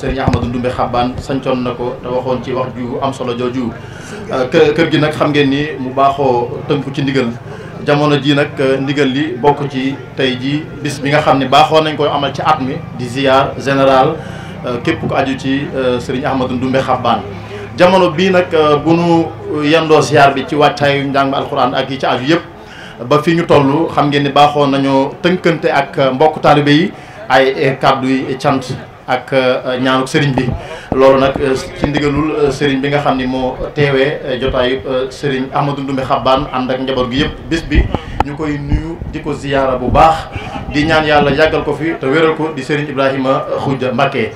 sëriñ Ahmadou Ndoumbé Xabbaan sancoon na ko te waxoon ci wax ju am solo jooju euh, kë kër gi nag xam ngeen ni mu baaxoo tënku ci ndigal jamono ji nag euh, ndigal li bokk ci tey ji bis bi nga xam ne baaxoo nañ koy amal ci at mi di ziar général euh, képp ku aju ci sëriñ Ahmadou Ndoumbé Xabbaan jamono bii nag bu nu yendoo ziar bi ci wàccaayu njàng alxuraan ak yi ci aju yëpp ba fi ñu toll xam ngeen ni baaxoon nañoo tënkante ak mbokk taalibe yi ay kàddu yi ak euh, ñaanuk sëriñ bi loolu nag euh, ci ndigalul euh, sëriñ bi nga xam ni moo teewee jotaayu sëriñ Ahmadou Ndoumbe Xabbaan ànd ak njaboot gi yëpp bis bi ñu koy nuyu di ko ziyaara bu baax di ñaan yàlla yàggal ko fi te wéral ko di sëriñ Ibrahima Khoudia Mbacké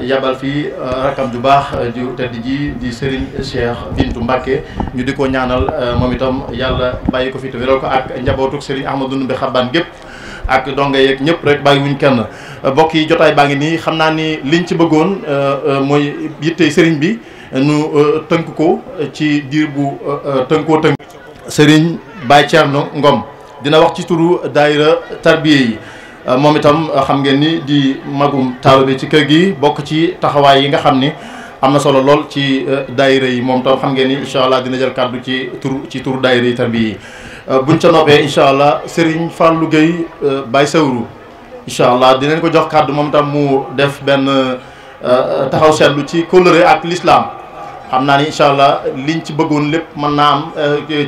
yabal fii rakam ju baax ju tedd ji di Serigne Cheikh Bintu Mbacke ñu di ko ñaanal moom itam yàlla bàyyi ko fi te wéral ko ak njabootuk Serigne Ahmadou Ndoumbe Xabbaan gépp ak donga yeeg ñëpp rek bàyyi kenn bokk yi jotaay baa ngi nii xam naa ni liñ ci bëggoon euh, euh, mooy yitte sëriñ bi nu euh, tënk ko ci diir bu tënkoo tënk sëriñ Baye Thierno Ngom dina wax ci turu daayira tarbiye yi moom itam xam ngeen ni di magum taalibe ci kër gi bokk ci taxawaay yi nga xam ni am na solo lool ci daayira yi moom tam xam ngeen ni incha allah dina jël kàddu ci turu daayira yi tarbiye yi bu euh, buñ ca noppee incha allah Serigne Fallou Gueye euh, Baye Sawru incha allah dinañ ko jox kàddu moom tam mu def benn euh, taxaw seetlu ci kóllëre ak lislaam xam naa ni incha allah liñ ci bëggoon lépp mën naa am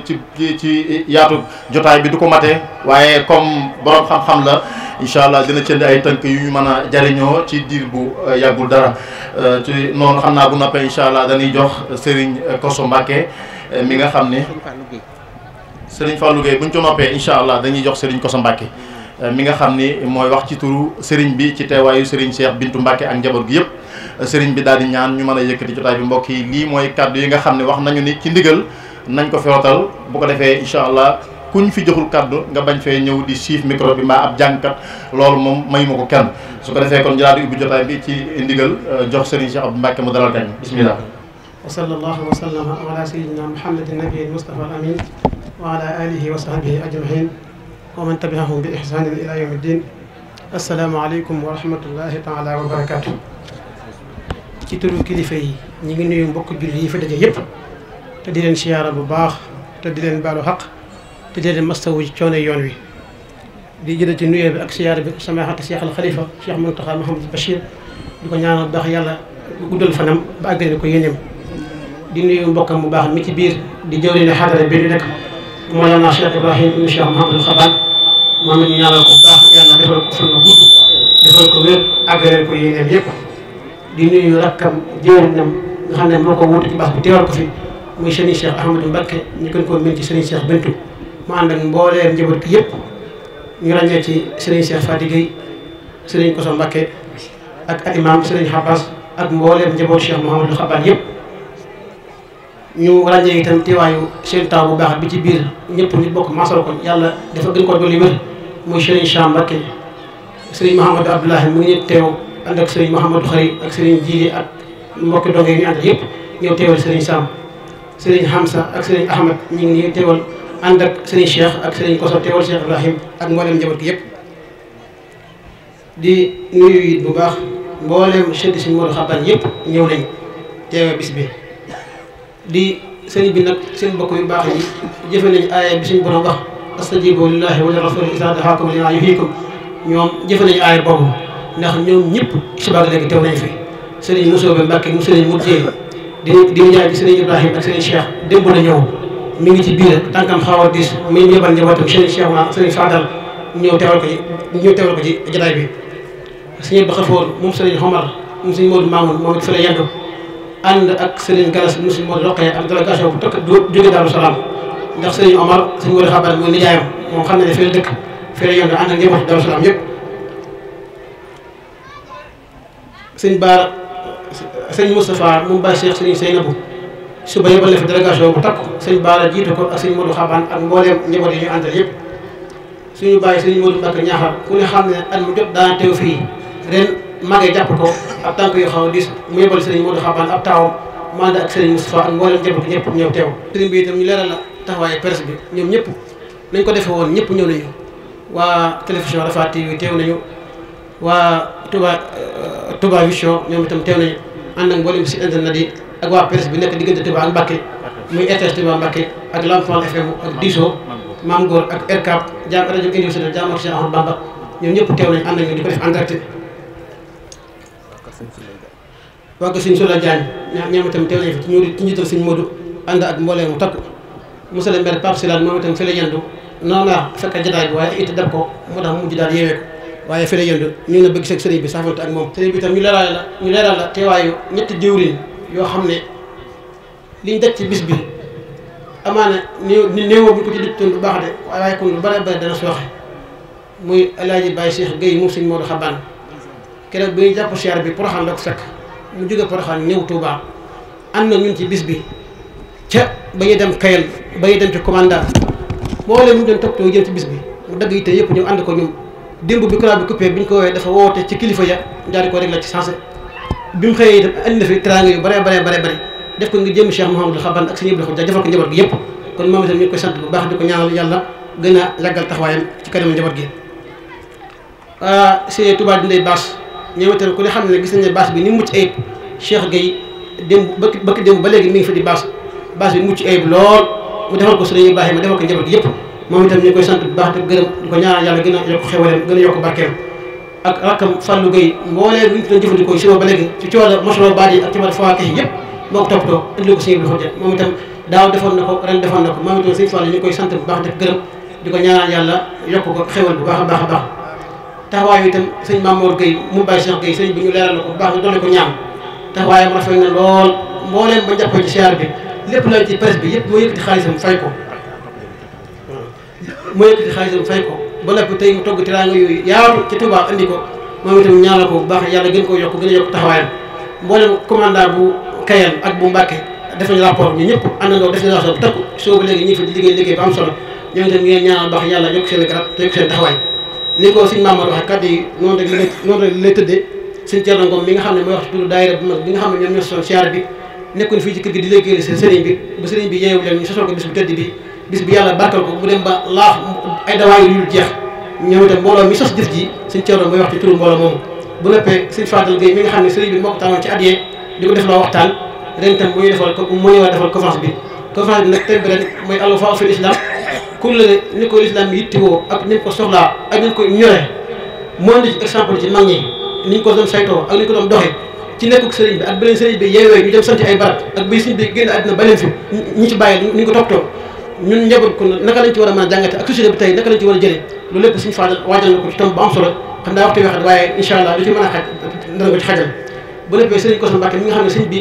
ci ci yaatu jotaay bi du ko mate waaye comme borom xam-xam la incha allah dina cënd ay tënk yu ñu mën a jariñoo ci diir bu yàggul dara ci noonu xam naa bu noppee incha allah dañuy jox Serigne Koso Mbacke mi nga xam ne. Serigne Fallou Gueye bu ñu ci noppee allah dañuy jox Serigne Kosso Mbacke euh, mi nga xam ni mooy wax ci turu Serigne bi ci teewaayu Serigne Cheikh Bintou Mbacke ak njaboot gi yëpp euh, Serigne bi daal di ñaan ñu mën a yëkkati jotaay bi mbokk yi lii mooy kàddu yi nga xam ne wax nañu ni ci ndigal nañ ko feewatal bu ko defee incha allah kuñ fi joxul kàddu nga bañ fee ñëw di siif micro bi mbaa ab jàngkat loolu moom mayu ma ko kenn su ko defee kon jëlaat di ubbi jotaay bi ci ndigal euh, jox Serigne Cheikh Abdou Mbacke mu dalal kañ bismillah wa sallallahu wa sallama ala mustafa amin wa ala alihi wa sahbihi ajmahin wa man tabiahum bi ihsanin ila yawmi din asalaamaaleykum wa rahmatullahi taala wa barakaatu ci turu kilifa yi ñu ngi nuyu mbokk jullit yi fa daje yëpp te di leen siyaara bu baax te di leen baalu xaq te di leen mastawu ci coono yoon wi di jëlee ci nuyoo bi ak siyaara bi samaahata Cheikh al Khalifa Cheikh Mountakha Mouhamadou Bachir di ko ñaanal baax yàlla guddal fanam ba àggale ko yéeneem di nuyu mbokkam bu baax mi ci biir di jëwriñu xadara bi ñu nekk Mawlana Cheikh Ibrahim ibn Cheikh Mouhamadul Xaban moom it ñaanal ko bu baax yàlla defal ko bi teewal ko fi muy sëriñ Cheikh Ahmadou Mbacké ñu gën koo mën ci sëriñ Cheikh Bintu mu ànd ak mbooleem njaboot gi yëpp ñu ràññee ci sëriñ Cheikh Fati Gueye sëriñ ak al imam sëriñ Habas ak mbooleem njaboot Cheikh Mouhamadul Xaban yëpp ñu ràññee itam teewaayu seen taw bu baax bi ci biir ñëpp ñu bokk masal ko yàlla dafa gën ko dolli wér muy Serigne Sam Mbacké Serigne Mouhamadou Abdoulahi mu ngi ak Serigne Mouhamadou Xari ak Serigne Jili ak mbokki donge yi ñu ànd yëpp ñëw teewal ak Serigne Ahmad ñu ngi teewal ànd ak Serigne Cheikh ak Serigne Koso teewal Cheikh Ibrahim ak mboolem njaboot gi yëpp di nuyu it bu baax mboolem cheddi si Modou Xaban yëpp ñëw nañ teewe bis bi di sëriñ bi nag seen bokk yu baax yi jëfe nañ aaya bi suñu borom wax astajibu lillahi wa li rasuli isa dahaakum lima yuhikum ñoom jëfe nañ aaya boobu ndax ñoom ñëpp subaak léegi teew nañ fi sëriñ Moussa Ba Mbacke mu sëriñ Mour Dieng di di jaay di sëriñ Ibrahima ak sëriñ Cheikh démb la ñëw mi ngi ci biir tànkam xaw a diis muy ñëbal njabootam sëriñ Cheikh ma sëriñ Fadal ñëw teewal ko ci ñëw teewal ko ci jotaay bi sëriñ Bakhafour moom sëriñ Xomar moom sëriñ Modou Mamoun moom it fa la yàgg ànd ak Serigne Gallas Moussa moo roqee am délégation bu tokk jóge Daaru Salaam ndax Serigne Omar suñu war a xabaar ak sëñ Baar sëñ Moustapha moom Baye Cheikh Serigne Seynabou suba yëbal na fi délégation bu takku sëñ Baara jiite sëñ Modou Xabaan ak mbooleem njaboot yi ñu àndal yëpp suñu bàyyi sëñ Modou Mbacke ñaaxal ku ne xam ne at mu jot daan teew fii ren màggee jàpp ko ab tànk yoo xaw a diis mu yebal sëriñ Modou Xaban mu ànd ak sëriñ Moustapha ak mboolem jàpp ko ñëpp ñëw teew sëriñ bi itam ñu mu la taxawaayu presse bi ñoom ñëpp nañ ko defee woon ñëpp ñëw nañu waa télévision Rafah TV teew nañu waa Touba euh, Touba Vision ñoom itam teew nañu ànd ak mboolem si internet yi ak waa presse bi nekk diggante Touba ak Mbacké muy ak Lamp Fall FM ak Diso Maam ak RCAP jàmm rajo Université Cheikh Ahmadou Bamba ñoom ñëpp teew nañu ànd ak ñoom di ko def en direct waa ko sëñ Sula Diagne ñoom itam teew nañ fi ci ñu ci njiital sëñ ànd ak mboolee mu takku monsieur le maire Pape Silane moom itam fi la yendu noonu fekk jotaay bi waaye it dab ko moo tax mujj daal yeewee ko waaye fi la ñu ne bëgg seeg sëriñ bi saafante ak moom sëriñ bi itam ñu leeral la ñu leeral la teewaayu ñetti jëwriñ yoo xam ne li liñ daj ci bis bi amaana néew néewoo bu ko ci dëj toon bu baax de waaye kon lu bare bare dana sooxe muy El Hadj Baye Cheikh Guèye moom sëñ Modou Xabane keroog bi ñuy jàpp cher bi poroxaan la ko fekk mu jóge poroxaan ñëw Touba am na ñun ci bis bi ca ba ñuy dem Kayel ba ñuy dem ci commandant boole mu doon toppatoo jëm ci bis bi mu dagg yitte yëpp ñëw ànd ko ñun démb bi courant bi coupé bi ko woowee dafa ci kilifa ya daal di ko réglé ci sensé bi mu xëyee itam andi na fi teraanga yu bare bare bare bare def ko ngir jëm Cheikh Mouhamadou Xaban ak sëñ Ibra Xujja jafal ko njaboot gi yëpp kon moom itam ñu koy sant bu baax di ko ñaanal yàlla gën a yàggal taxawaayam ci kanam njaboot gi ah, sëñ Touba Dindey Baas ñoom itam ku ne xam ne gis nañ ne bâche bi ni mucc ayib Cheikh Gueye démb bëkk bëkk ba léegi mu ngi fa di bâche bâche bi mucc ayib lool mu defal ko Sëriñ Ibrahima defal ko njaboot gi yëpp sant bu baax te gërëm di ko ñaanal yàlla gën a yokk ba léegi ci coono mosolo baat yi ak camat fawa kayi ko toppatoo moom itam daaw defoon na ko ren defoon na sant bu baax te gërëm di ko ñaanal yàlla yokk ko bu baax baax a baax taxawaay itam sëñ Mamour Gueye mu bàyyi Cheikh Gueye sëñ bi ñu leeral ko bu baax ñu doole ko ñaam taxawaayam rafet na lool mbooleem ba jàppoo ci siyaar bi lépp la ci presse bi yëpp moo yëkkati xaalisam fay ko moo yëkkati xaalisam ko ba noppi tey mu togg teraanga yooyu yaatu ci Touba andi ko moom itam ñaanal ko bu baax yàlla gën koo yokk gën a yokk taxawaayam mboolem commandant bu Kayan ak bu Mbàkke def nañu rapport ñu ñëpp àndandoo def nañu rapport bu takku soo ba léegi ñu fa di liggéey liggéey bu am solo ñoom itam ngeen ñaanal yàlla yokk seen garab te yokk ni ko suñ Mamadou waxee kaddu yi noonu rek lay noonu rek lay tëddee mi nga xam ne mooy wax ci turu daayira bu mag bi nga xam ne ñoom ko bis bu tëdd bi bis bi yàlla barkal ko mu dem ba laax ay dawaay yu jeex ñoom itam mbooloo mi sos jëf ji suñ Thierno mooy wax ci turu mbooloo moomu bu noppee suñ Fadal Gueye mi nga xam ne sëriñ bi moo ko tànnoon ci at yee di ko def loo waxtaan ren itam bu ñëwaat defal conférence bi conférence bi nag thème bi ren mooy alwafa fil islam kuréel ni ko islam bi yittewoo ak ni ko soxlaa ak ni ko ñoree moo indi ci exemple ci mag ñi ni ko doon saytoo ak ni ko doon ci nekkuk sëriñ bi bi ak bay sëriñ bi génn àddina a mën a jàngate ak ci war a jëlee na ko ci tomb bu am solo xam naa waxtu waxat waaye incha allah lu ci mën a xaj dana ko ci xajal bu léppee sëriñ Kosso Mbacke mi nga xam ne sëriñ bi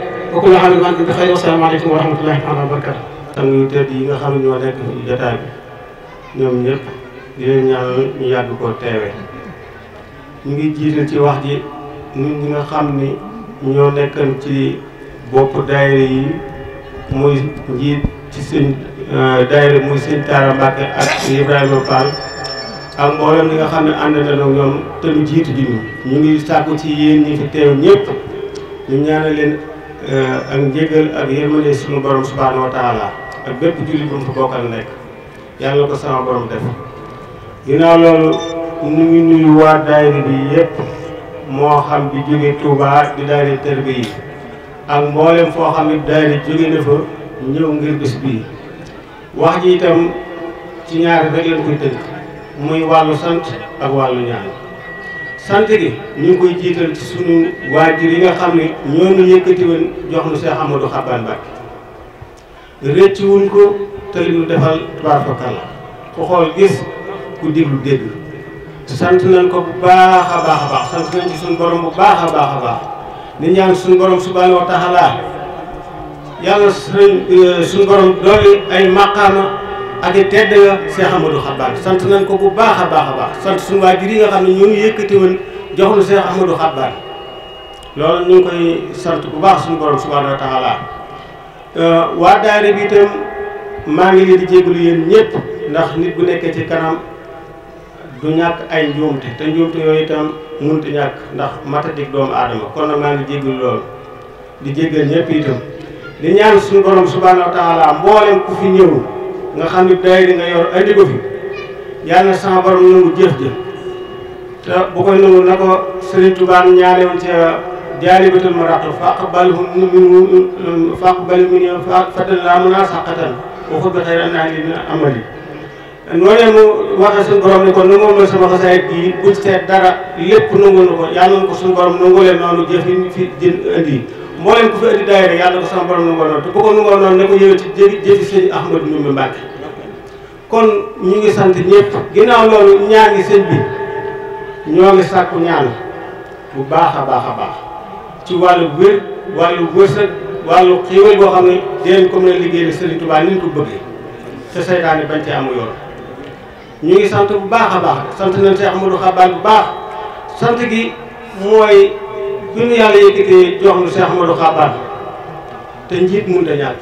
wa kullu aamin wa antum bi xayr assalaamu yi nga xam ne ñoo nekk fi jotaay bi ñoom ñëpp di leen ñaanal ñu yàgg koo teewe ñu ngi jiital ci wax ji nit ñi nga xam ni ñoo nekkan ci bopp daayira yi muy njiit ci sëñ euh, daayira muy sëñ Taara ak Ibrahima Fall ak mboolem li nga xam ne ànd na ñoom te lu jiitu di ñu ñu ngi sàkku ci yéen ñi fi teew ñëpp ñu ñaanal leen Eh, ak njéggal ak yërmande suñu borom subhaanahu wa ak bépp jullit bu mu fa bokkal nekk yàlla ko sama borom def ginnaaw loolu ñu ngi nuyu waa daayira bi yépp moo xam bi jóge Touba di daayira tërbi yi ak mboolem foo xam ne daayira jóge na fa ñëw ngir bis bii wax ji itam ci ñaari rek leen koy tënk muy wàllu sant ak wàllu ñaan sant gi ñu ngi koy jiital ci sunu waajur yi nga xam ne ñoo ñu yëkkati woon jox nu Cheikh Amadou Xaban Mbacke rëcc wuñ ko te li ñu defal tabaarakalla ku xool gis ku déglu dégg sant nañ ko bu baax a baax a baax sant nañ ci suñu borom bu baax a baax a baax di ñaan suñu borom subhaanahu wa taala yàlla euh, suñu borom doole ay maqaama ak i tedd nga Cheikh Amadou sant nañ ko bu baax a baax a baax sant suñu waajur yi nga xam ne ñoo ñu yëkkati woon jox nu Cheikh Amadou Xabbaan loolu ñu koy sant bu baax suñu borom subhaanahu wa taala euh, waa daayira bi itam maa ngi leen di jégalu yéen ñëpp ndax nit bu nekkee ci kanam du ñàkk ay njuumte te njuumte yooyu itam mënut a ndax matadik doomu aadama kon nag maa ngi jégalu di jégal ñëpp itam suñu borom subhaanahu wa taala ku fi ñëw. nga xam ne daayira nga yor andi ko fi yàlla sama borom nangu jëf jëf te bu koy nangu na ko Sëriñ Tuubaa ñaane woon ca jaalibatul maraq faqbalhum minhu faqbal minhu fatan na munasaqatan wa xubbi xayran naa li dina amali noonee mu waxee suñu borom ne kon nangoo ma sama xasaayit gi bu seet dara lépp nangoo na ko yàlla na ko suñu borom nangoo leen noonu jëf yi fi jën indi mbooleem ku fi indi daayira yàlla ko sama borom nu ngoo noonu te bu ko nu ngoo noonu ne ko yëwee ci jëfi jëfi sëñ Ahmadu Ndumbe Mbàkke kon ñu ngi sant ñëpp ginnaaw loolu ñaa ngi sëñ bi ñoo ngi sàkku ñaan bu baax a baax a baax ci wàllu wér wàllu wërsëg wàllu xiiwal boo xam ne dinañ ko mën a liggéeyal Sëriñ Tuubaa ni ñu ko bëggee te seytaane bañ ci amu yoon ñu ngi sant bu baax a baax sant nañ si Ahmadou Xabaar bu baax sant gi mooy bi nu yàlla yëkkatee jox nu Cheikh Ahmadou Khabar te njiit mënut a ñàkk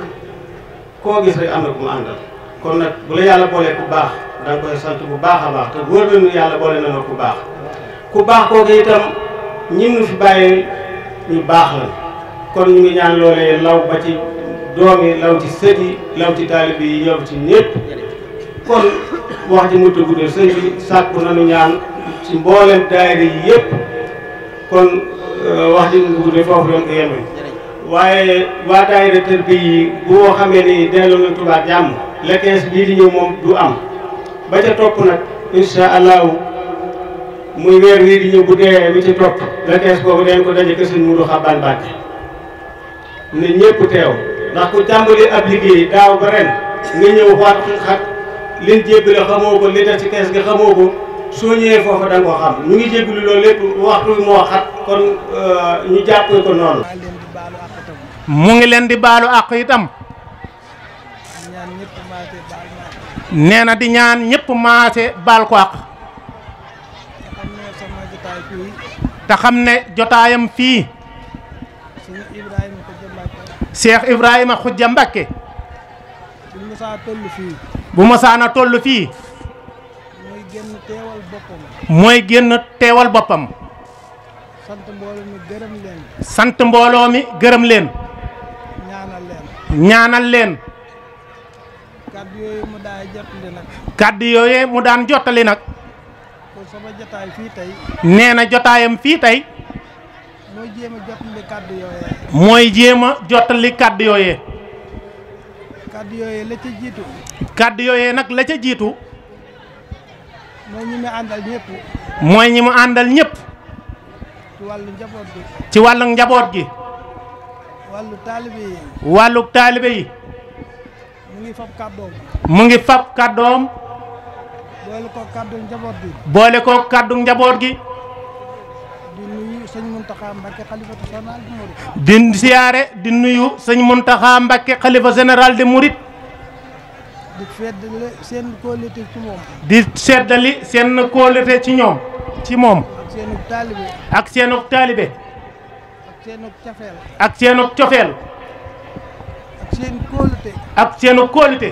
koo gis rek am na ku mu àndal kon nag bu la yàlla boolee bu baax da nga koy sant bu baax a baax te wóor na nu yàlla boole na ku baax ku baax kooku itam ñi nu fi bàyyi ñu baax la kon ñu ngi ñaan loolee law ba ci doom yi law ci sët yi law ci taalib yi yow ci ñëpp kon wax ji mu guddal sëñ bi sàkku nanu ñaan ci mboolem daayira yi kon Euh, wax ji mu gudd foofu lañ ko yemee waaye waa daayira tërbi yi boo xamee ni delloo na Tuubaa jàmm le 15 bii di ñëw moom du am ba ca topp nag incha allahu muy weer wii di dee bi ci topp le 15 boobu dañ ko daje kësin mu du xabaan bàcce ne ñëpp teew ndax ku tàmbali ab liggéey daaw ba ren ñëw waat xat liñ jébbale xamoo ko li tax ci kees gi xamoo soo ñëwee foofa da xam ñu ngi jégalu loolu lépp waxtu moo xat kon euh, ñu jàppee ko noonu. mu ngi leen di baalu àq itam. nee na di ñaan ñëpp maase baal ko àq. te xam ne jotaayam fii. Cheikh Ibrahima Khoudia Mbacké. bu Masaana toll fii. génn teewal boppam. mooy génn teewal boppam. sant mbooloo mi gërëm leen. sant mbooloo mi gërëm leen. ñaanal leen. ñaanal leen. kàddu mu daan jottali nag. kàddu yooyu mu daan jottali nag. jotaayam fii tey. mooy jéem a jottali kàddu yooyee. mooy jéem jottali kàddu yooyee. kàddu yooyee nag la ca mooy ñi mu àndal ñëpp. mooy ñi mu àndal ñëpp. ci wàllu njaboot gi. ci wàllu njaboot gi. wàllu taalibe yi. yi. mu ngi fab kàddoom. mu ngi fab kàddoom. boole ko kàddu njaboot gi. boole kàddu njaboot gi. di nuyu sëñ Muntaxa Mbacke xalifa général di siyaare sëñ Muntaxa général de di seddali seen kóolute ci moom. ci ñoom ci moom. ak seenug taalibe. ak seenug ak seenug cofeel. ak seenug cofeel. ak seen kóolute.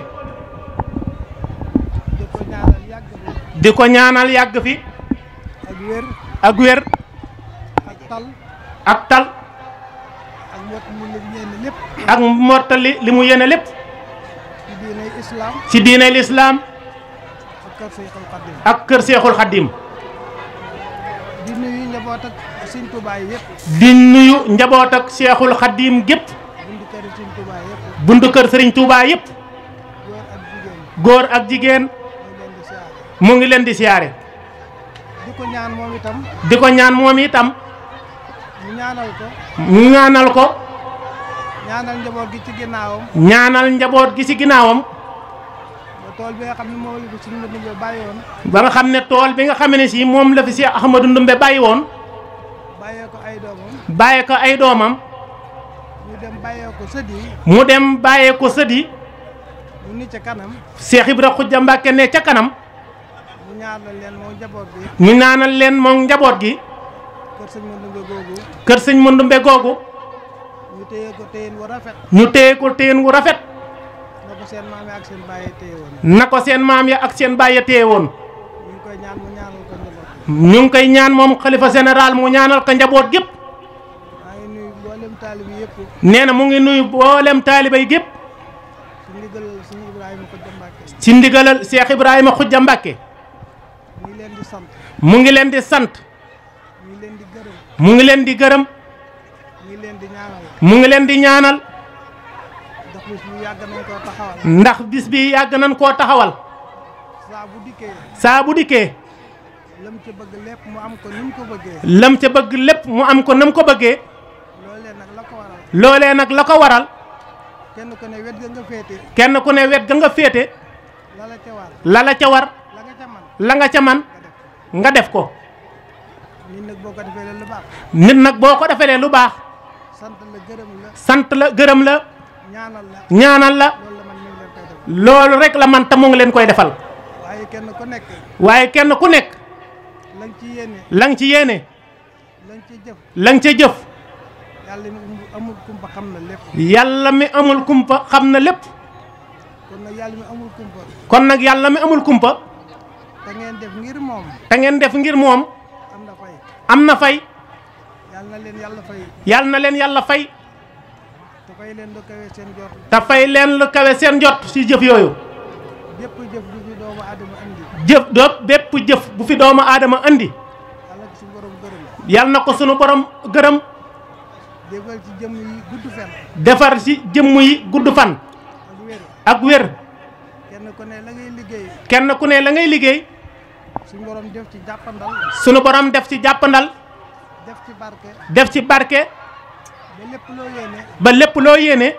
di ko ñaanal yàgg fi. ak wér. ak wér. tal. ak mottali li mu yéene lépp. ci diiney lislaam ak kër seexul xaddim di nuyu njaboot ak seexul xaddim gépp buntu kër sëriñ Tuubaa yépp góor ak jigéen mu ngi leen di siyaare di ko ñaan moom itam di ko ñaan moom itam ñaanal ñaanal ko ñaanal njaboot gi ci ginnaawam. ñaanal njaboot gi ci ginnaawam. ba tool bi nga xam ne moom la fi suñu ba nga xam ne tool bi nga xam ne si moom la fi si Ahmadou Ndumbe bàyyi woon. bàyyee ko ay doomam. bàyyee ko ay doomam. mu dem bàyyee ko sëd mu dem bàyyee ko sëd yi. mu ni ca kanam. Cheikh Ibra Khoudia Mbacke ne ca kanam. ñu ñaanal leen moom njaboot gi. ñu leen moom njaboot gi. kër sëñ Mandumbe googu. googu. ñu téye ko téyen wu rafet. ñu téye ko téyen wu rafet. na ko seen maam ya ak seen baay ya téye woon. ñu ngi koy ñaan moom xalifa général mu ñaanal ko njaboot gépp. nee na mu ngi nuyu mboolem taalibe yi gépp. ci ndigalal sëñ Ibrahima Khoudia Mbacke. mu ngi leen di sant. mu ngi leen di mu ngi leen di gërëm. mu ngi leen mu ngi leen di ñaanal ndax bis bi yàgg nañ koo taxawal saa bu dikkee lam ca bëgg lépp mu am ko nam ko bëggee lam ca bëgg lépp mu am ko nam ko bëggee loolee nag la ko waral kenn ku ne wet ga nga féete kenn ku ne wet ga nga féete la la ca war la nga ca man nga def ko nit nag boo ko defee lu boo ko defee lu baax sant la gërëm la ñaanal la loolu rek la man ta ngi leen koy defal waaye kenn ku nekk waaye kenn ku nekk lang ci yéene lang ci yéene lang ci jëf lang ci jëf yàlla mi amul kumpa xam na lépp yàlla mi amul kumpa xam na lépp kon nag yàlla mi amul kumpa kon nag yàlla mi amul kumpa te def ngir moom te ngeen def ngir moom am na fay na fay yal na leen yàlla fay. yal na leen yàlla fay. leen lu kawe seen jot. te fay leen lu kawe seen jot si jëf yooyu. bépp jëf bu fi doomu aadama andi. doot bépp jëf bu fi doomu aadama andi. yal na ko sunu borom gërëm. defar ci jëmm yi gudd fan. defar ci jëmm yi gudd fan. ak wér. kenn ku ne la ngay liggéey. kenn ku ne la ngay liggéey. sunu borom def ci jàppandal. sunu borom def ci jàppandal. def ci barke ba lépp loo yéene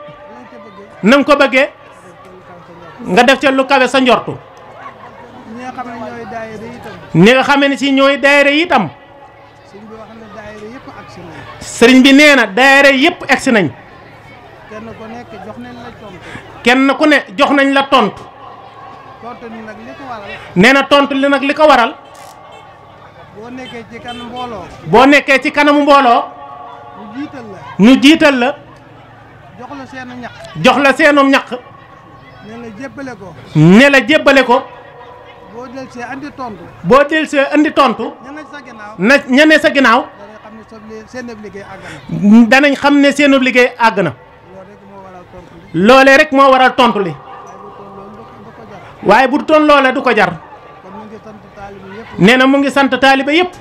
na ko bëggee nga def ca lu kawe sa njortu ñi nga xamee ne si ñooy daayira itam sëriñ bi nee na daayira yëpp egsi nañ kenn ku nañ kenn ku ne jox nañ la tontu nee na tont li nag li ko waral boo nekkee ci mbooloo. boo nekkee ci kanamu mbooloo. ñu jiital la. ñu jiital la. jox la seenu ñaq. jox la seenum ñaq. ne la jébbale ko. ne la jébbale boo del see tontu. boo del see andi tontu. ñane sa ginnaaw na ñane sa ginnaaw. danañ xam ne seenu liggéey àgg na. loolee rek moo waral tontu li. waaye bu toon loola du ko jar. nee na mu ngi sant taaliba yëpp.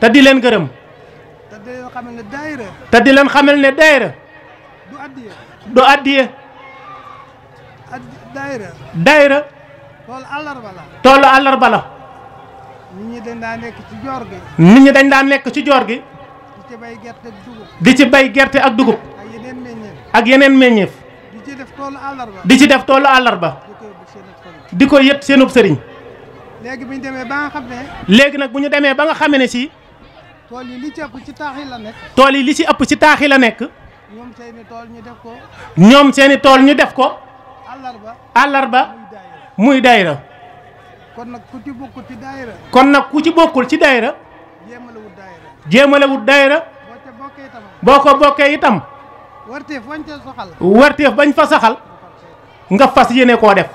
te di leen gërëm. te di leen xamal ne daayira. di leen xamal ne daayira. du addiye. du addiye. daayira. daayira. àllarba la. nit ñi dañ daa nekk ci joor gi. nit ñi di ci bay gerte ak dugub. di ak yeneen meññeef. di ci def toolu àllarba. di ci def toolu àllarba. di ko yët seenub sëriñ. léegi bu ñu demee ba léegi nag bu ñu demee ba nga xamee ne si. tool yi li ci ëpp ci taax la nekk. tool yi li ci ëpp ci taax yi la nekk. ñoom seeni tool ñu def ko. ñoom seeni tool ñu def ko. àllarba àllarba muy daayira. kon nag ku ci bokkul kon nag ku ci bokkul ci daayira. jéemalewut daayira. jéemalewut daayira. boo boo ko bokkee itam. warteef bañ fa bañ fa saxal. nga fas yéene koo def.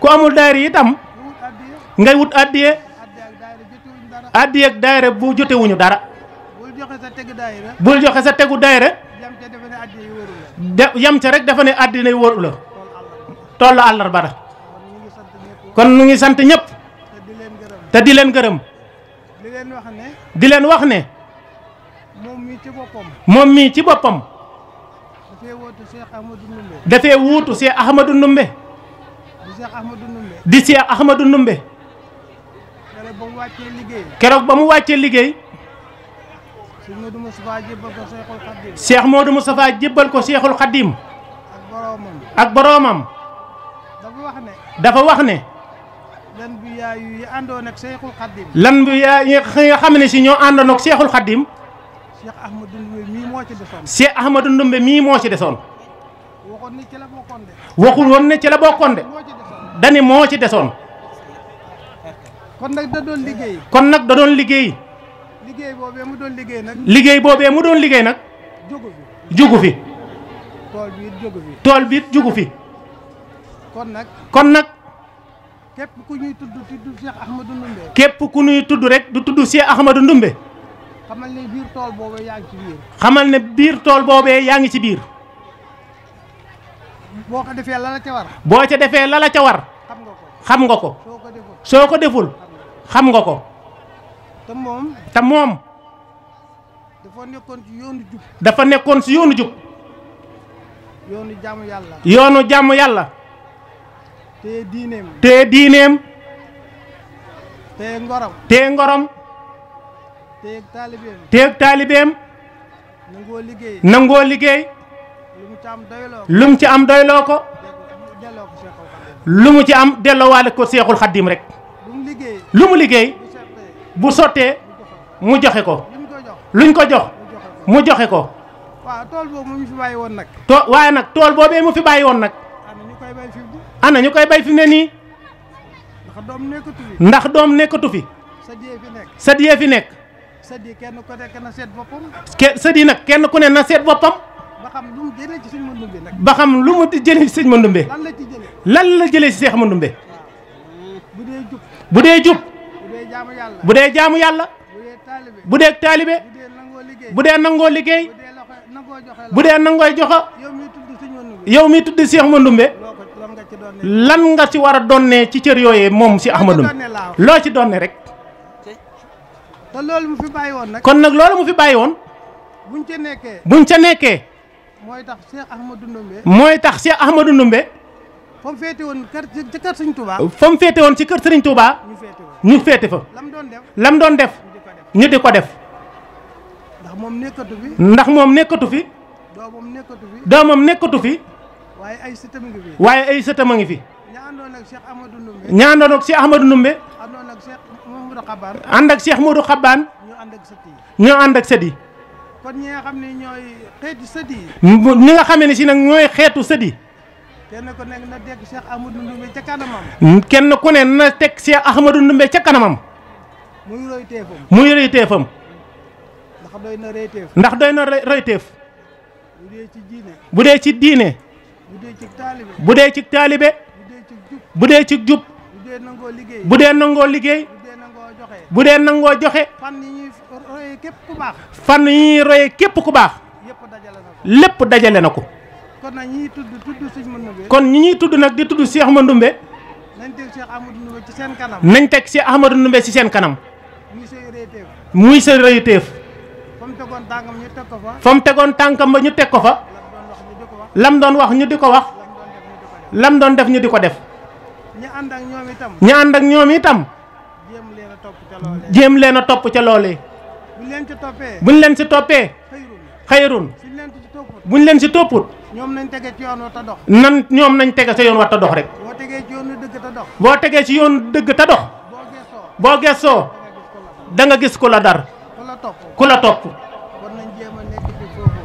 ku amul daayira itam. itam. ngay wut addiye addiye ak bu jotewuñu dara bul joxe sa tegu daayira yam ca rek dafa ne àddina wóoru la tollu àllarba la kon nu ngi sant ñëpp te di leen gërëm di leen wax ne moom mii ci boppam moom mii ci boppam dafee wuutu Cheikh Ahmadou Ndoumbé di Cheikh Ahmadou Ndoumbé mu liggéey. keroog ba mu wàccee liggéey. Cheikh Modou Moustapha jébbal ko Cheikhul Khadim. jébbal ko Cheikhul Khadim. ak boroomam. ak boroomam. dafa wax ne. dafa wax ne. lan bu yaa yi àndoon ak Cheikhul lan bu yaa yi xam ne si ñoo àndoon ak Cheikhul Khadim. Cheikh Ahmadou mii moo ci desoon. Cheikh ci la bokkoon de. ne ci la bokkoon de. dani moo ci desoon. kon nag da doon liggéey. kon nag da doon liggéey. liggéey boobee mu doon liggéey nag. liggéey boobee mu doon liggéey nag. jugu fi tool bi it fi. tool bi it fi. kon nag. kon nag. képp ku ñuy tudd tudd képp ku ñuy tudd rek du tudd Cheikh Ahmadou Ndumbe. xamal ne biir tool boobee yaa ngi ci biir. xamal ne biir tool boobee yaa ngi ci biir. boo ko defee la ca boo ca defee la la ca war. xam nga xam nga ko. soo ko deful. xam nga ko. te moom te moom. dafa nekkoon ci yoonu jub. dafa nekkoon ci yoonu jub. yoonu jàmm yàlla. yoonu jàmm yàlla. tee diineem. tee diineem. tee ngorom. tee ngorom. teeg taalibeem. teeg taalibeem. nangoo liggéey. nangoo liggéey. lu mu ci am doyloo ko. lu ci am doyloo ko. lu mu ci ko seexul xaddim rek. lu mu liggéey bu sottee mu joxe ko luñ ko jox mu joxe ko. waaw tool boobu mu fi bàyyi woon nag. too waaye nag tool boobee mu fi bàyyi woon nag. ana ñu koy bay fi koy bay fi ne nii. ndax doom ndax doom nekkatu fi. sët yee fi nekk sët yee fi nekk. sët kenn ku nekk seet boppam. nag kenn ku ne na seet boppam. ba xam lu mu jëlee ci sëñ Mandumbe nag. ba xam lu mu jëlee ci sëñ Mandumbe. lan la ci jëlee lan la jëlee ci Seex Mandumbe. bu dee jub bu dee jaamu yàlla bu dee taalibe bu dee nangoo liggéey bu dee nangoo joxa yow mi tudd Cheikh Mandoumbe lan nga ci war a donnee ci cër yooyee moom si Ahmadou loo ci donne rek kon woon nag kon nag loolu mu fi bàyyi woon buñ ca nekkee buñ ca nekkee mooy tax Cheikh Ahmadou Ndoumbe mooy tax Cheikh Ahmadou Ndoumbe fa mu féete woon kër ci kër Serigne Touba. fa mu féete woon ci kër Serigne Touba. ñu féete fa. lam doon def lam doon def. ñu di ko def. ndax moom nekkatu fi. ndax moom nekkatu fi. doomam nekkatu fi. doomam nekkatu fi. waaye ay sëtam waaye ay sëtam a ngi fi. ñaandoon ak Cheikh Ahmadou Ndoumbé. ñaandoon ak Cheikh Ahmadou Ndoumbé. ak Cheikh ànd ak Cheikh Modou Xabaan. ñoo ànd ak sët yi. ñoo ànd ak sët kon ñi nga xam ne ñooy xeetu sët yi. nga xam ne si nag ñooy xeetu sët kenn ku nekk na teg Cheikh Ahmadou Ndoumbe ca kanamam. kenn ku ne na teg a Ahmadou Ndoumbe ca kanamam. muy roy teefam muy roy teefam. ndax doy na roy ndax doy na roy bu dee ci diine. bu dee ci bu dee ci taalibe. bu dee ci taalibe. bu dee jub. bu dee nangoo liggéey. bu dee nangoo liggéey. bu dee nangoo joxe. fan yi ñuy royee képp ku baax. fan yi ñuy royee képp ku baax. lépp dajale na ko. kon nag ñi ñuy tudd kon ñi ñuy tudd nag di tudd Cheikh Mandoumbe. nañ teg Cheikh Ahmadou Ndoumbe ci seen kanam. nañ teg Cheikh Ahmadou Ndoumbe ci seen kanam. muy sa rëyteef. muy fa mu tegoon tànkam ñu teg ko fa. fa mu tegoon tànkam ba ñu teg ko fa. lam doon wax ñu di ko wax. lam doon def ñu di ko def. ñi ànd ak ñoom itam. ñi ànd ak ñoom itam. jéem leen a topp ca lool jéem leen a topp buñ leen ci toppee. buñ leen ci buñ leen ci topput. ñoom nañ tege ci yoon wa ta dox. nan ñoom nañ tege sa yoon wa ta dox rek. boo tegee ci yoonu dëgg ta dox. boo tegee ci yoon dëgg ta dox. boo gëstoo da nga gis ku la dar. ku la topp ku la topp.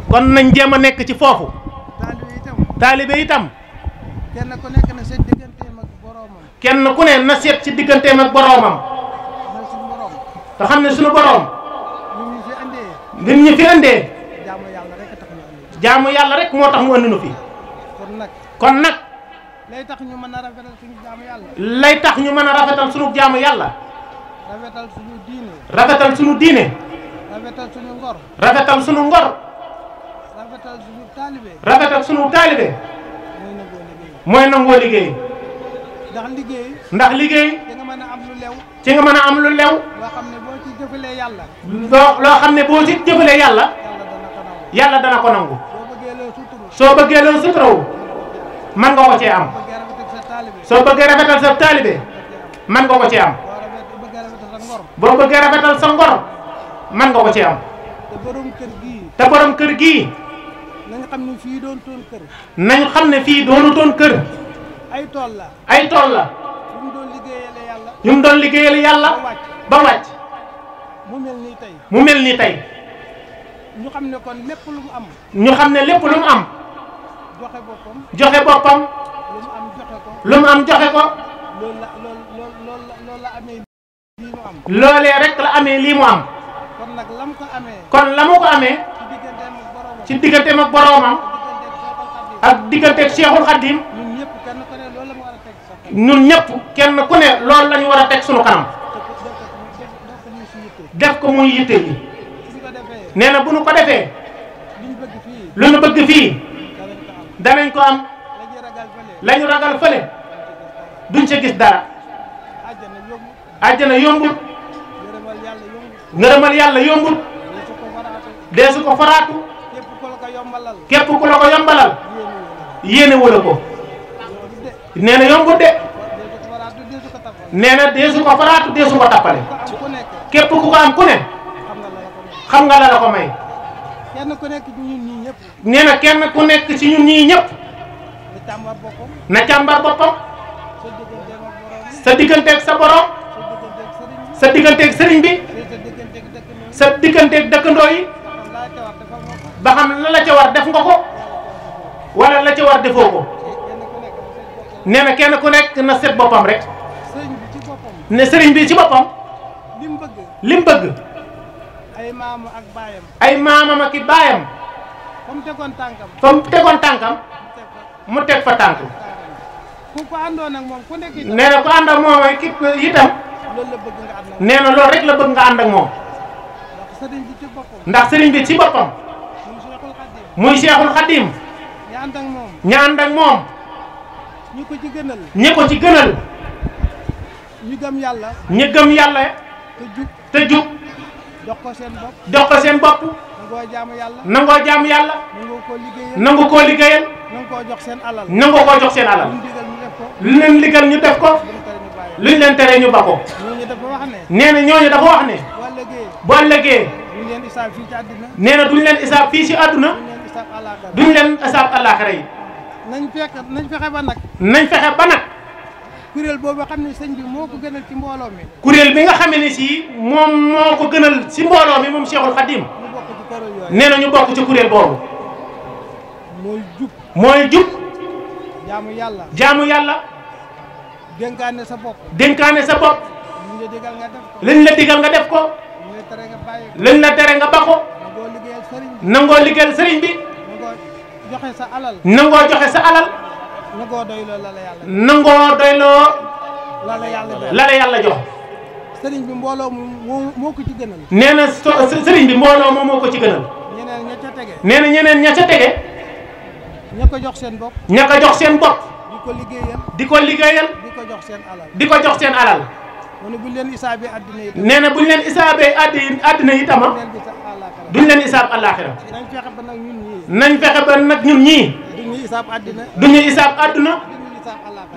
kon nañ jéem a nekk ci foofu. nañ jéem a nekk ci foofu. taalibe itam. taalibe itam. kenn ku nekk na seet kenn ku ne na seet ci digganteem ak boroomam. te xam ne suñu boroom. nit ñi fi fi andee. jaamu yàlla rek moo tax mu andi fi. kon nag kon nag. lay tax ñu mën a rafetal suñu jaamu yàlla. lay tax ñu mën a rafetal sunu jaamu yàlla. rafetal suñu diine. rafetal suñu diine. rafetal suñu ngor. rafetal suñu ngor. rafetal suñu taalibe. suñu taalibe. mooy nangoo liggéey. ndax liggéey. ndax liggéey. ci nga mën a am lu lew. ci nga mën a am lu lew. loo xam ne boo ci jëfalee yàlla. loo loo xam ne boo ci jëfalee yàlla. yàlla dana ko nangu soo bëggee loolu suturaw man nga ko cee am soo bëggee rafetal sa taalibe man nga ko cee am boo bëggee rafetal sa ngor man nga ko ci am te borom kër gii nañ xam ni fii doon toon kër xam ne fii doonu toon kër ay tool la ay tool la yu mu doon liggéeyal yàlla mu doon liggéeyal yàlla ba wàcc mu mel nii nii tey ñu xam ne kon lépp lu mu am. ñu xam ne lépp lu mu am. joxe boppam. joxe boppam. lu mu am joxe ko. lu am joxe ko. loolee la amee lii mu am. kon nag la mu ko amee. kon la mu ko amee. ci diggante ak boroomam. ak digganteeg Cheikhul Khadim. ñun ñépp kenn ku ne loolu lañu ñu a teg sunu kanam. def ko muy yitte yi. nee na bu nu ko defee lu nu bëgg fii danañ ko am la ragal fële duñ ca gis dara àjjana yombul ngërëmal yàlla yombul deesu ko faraatu képp ku la ko yombalal yéene wala ko nee na de nee na deesu ko faraatu deesu ko tappale képp ku ko am ku xam nga la ko may. kenn ku nekk na kenn ku nekk ci ñun ñii ñëpp. na càmbar boppam. sa digganteeg sa borom. sa digganteeg sëriñ bi. sa digganteeg dëkkandoo yi. ba xam la la ca war def nga ko. wala la ca war defoo ko. nee na kenn ku nekk na set boppam rek. ne sëriñ bi ci boppam. lim bëgg. lim bëgg. ay maamam ak baayam. ay maamam ak i baayam. fa mu tegoon tànkam. fa mu tegoon tànkam. mu teg fa tànk. ku ko àndoon ak moom ku nekk nee na ku ànd ak moom itam. loolu la bëgg nee na loolu rek la bëgg nga ànd ak moom. ndax sëriñ bi ci boppam. ndax sëriñ ci boppam. muy Seexul Xadiim. ña ànd ak moom. ña ko ci gënal. ko ci gënal. ñu gëm yàlla. ñu gëm yàlla. te jub. jox ko seen bopp jox ko seen bopp. nangoo jaamu yàlla nangoo jaamu yàlla. nangoo koo liggéeyal nangoo koo liggéeyal. nangoo koo jox seen alal nangoo koo jox seen alal. lu leen liggéeyal ñu def ko. luñ leen tere ñu ba ko. nee na ñooñu dafa wax ne. boo liggéey. duñ neena isaab fii ci àdduna. nee na duñ leen isaab fii ci àdduna. duñ leen isaab àllaaxira yi. nañ fexe nañ fexe ba nag. nañ fexe ba nag. kuréel boobu xam ne sëñ bi moo ko gënal ci mbooloo mi. kuréel bi nga xam ne si moom moo ko gënal si mbooloo mi moom Cheikhul Khadim. nee na ñu bokk ci kuréel boobu. mooy jub mooy jub. jaamu yàlla jaamu yàlla. dénkaane sa bopp. dénkaane sa bopp. liñ la digal nga def ko liñ la digal nga la tere nga bàyyi ko liñ la tere nga bako. nangoo liggéeyal sëriñ bi sa alal. nangoo joxe sa alal. nangoo doyloo la la yàlla jox nangoo doyloo. la yàlla la yàlla jox. sëriñ bi mbooloo moom moo ko ci gënal. nee na sëriñ bi mbooloo moom ko ci gënal. ñeneen ña ca tege. nee na ñeneen ña ca ko jox seen bopp. ña ko jox seen bopp. di ko liggéeyal. di ko liggéeyal. di ko jox seen alal. di ko jox seen alal. mu bu ñu leen isaabee àddina yi. nee na bu ñu leen isaabee àddina yi tama. duñ leen isaab àllaaxira. nañ fexe ba nag nañ fexe ba nag ñun ñii. isaab àddina duñu isaab àdduna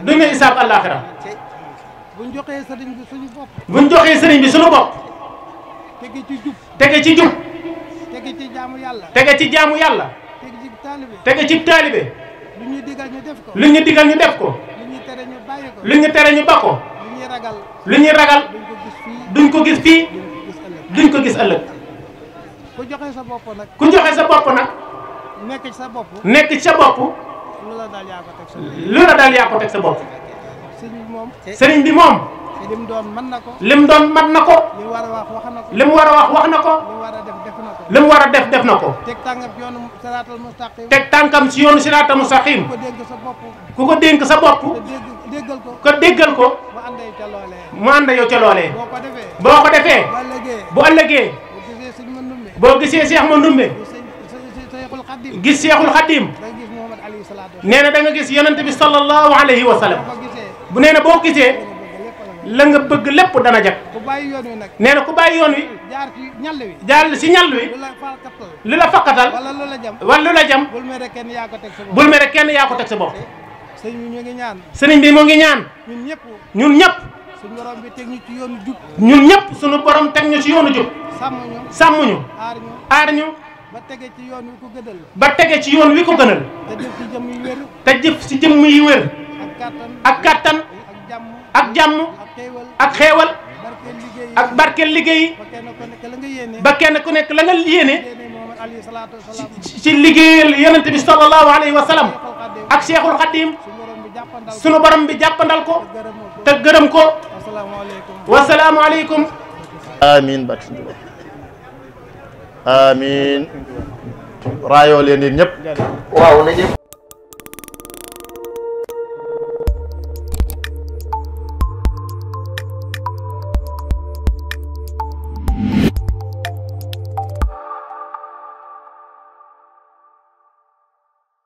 duñu isaab àllaaxira buñ joxee sëriñ bi suñu bopp buñ joxee sëriñ bi suñu bopp tege ci jub tege ci jub tege jaamu yàlla tege ci jaamu yàlla tege ci taalibe tege ci taalibe lu ñu digal ñu def ko lu ñu digal ñu def ko lu ñu tere ñu bàyyi ko lu ñu tere ñu ba ko lu ñuy ragal lu ñuy ko gis fii duñ ko gis ëllëg ku joxe sa bopp nag ku joxe sa bopp nag nekk ci sa bopp. nekk ci sa bopp. lu la dal yaa ko teg sa bopp. lu la dal yaa sa bopp. bi moom. sëriñ bi moom. doon mën na ko. lim doon mën na ko. lim war a wax wax na ko. lim war a wax wax war a def def na ko. war a def def na ko. teg tànkam ci yoonu siraatal mustaqim. teg tànkam ci yoonu siraatal mustaqim. ku ko dénk sa bopp. ku ko dénk sa bopp. te déggal ko. ko déggal ko. mu ànd yow ca loolee. mu ànd yow ca loolee. boo ko defee. boo ko defee. bu ëllëgee. bu boo gisee sëñ ma ma ndumbe. gis seexul xadim nee na da nga gis yonent bi sallallahu alayhi wa sallam bu nee na boo gisee la nga bëgg lépp dana jag nee na ku bàyyi yoon wi jaar ci ñal wi jaar ci ñal wi lu la fakkatal wala lu la jam bul mere kenn yaa ko teg sa bopp sëriñ bi mu ngi ñaan ñun ñëpp suñu borom bi teg ñu ci yoonu ñun ñëpp suñu borom teg ñu ci yoonu jub sàmm ñu aar ñu aar ñu ba tege ci yoon wi ko gënal. ba tege ci yoon wi ko gënal. te jëf ci jëmm yi ak kattan ak kattan. ak jàmm ak xeewal. ak barkeel liggéey ba kenn ku nekk la nga yéene ci liggéeyal yonent bi sallallahu alayhi wa sallam ak Cheikhul Khadim suno borom bi jàppandal ko te gërëm ko wasalaamualeykum. amiin. amiin raayoo leen yéen ñëpp waaw na ñëpp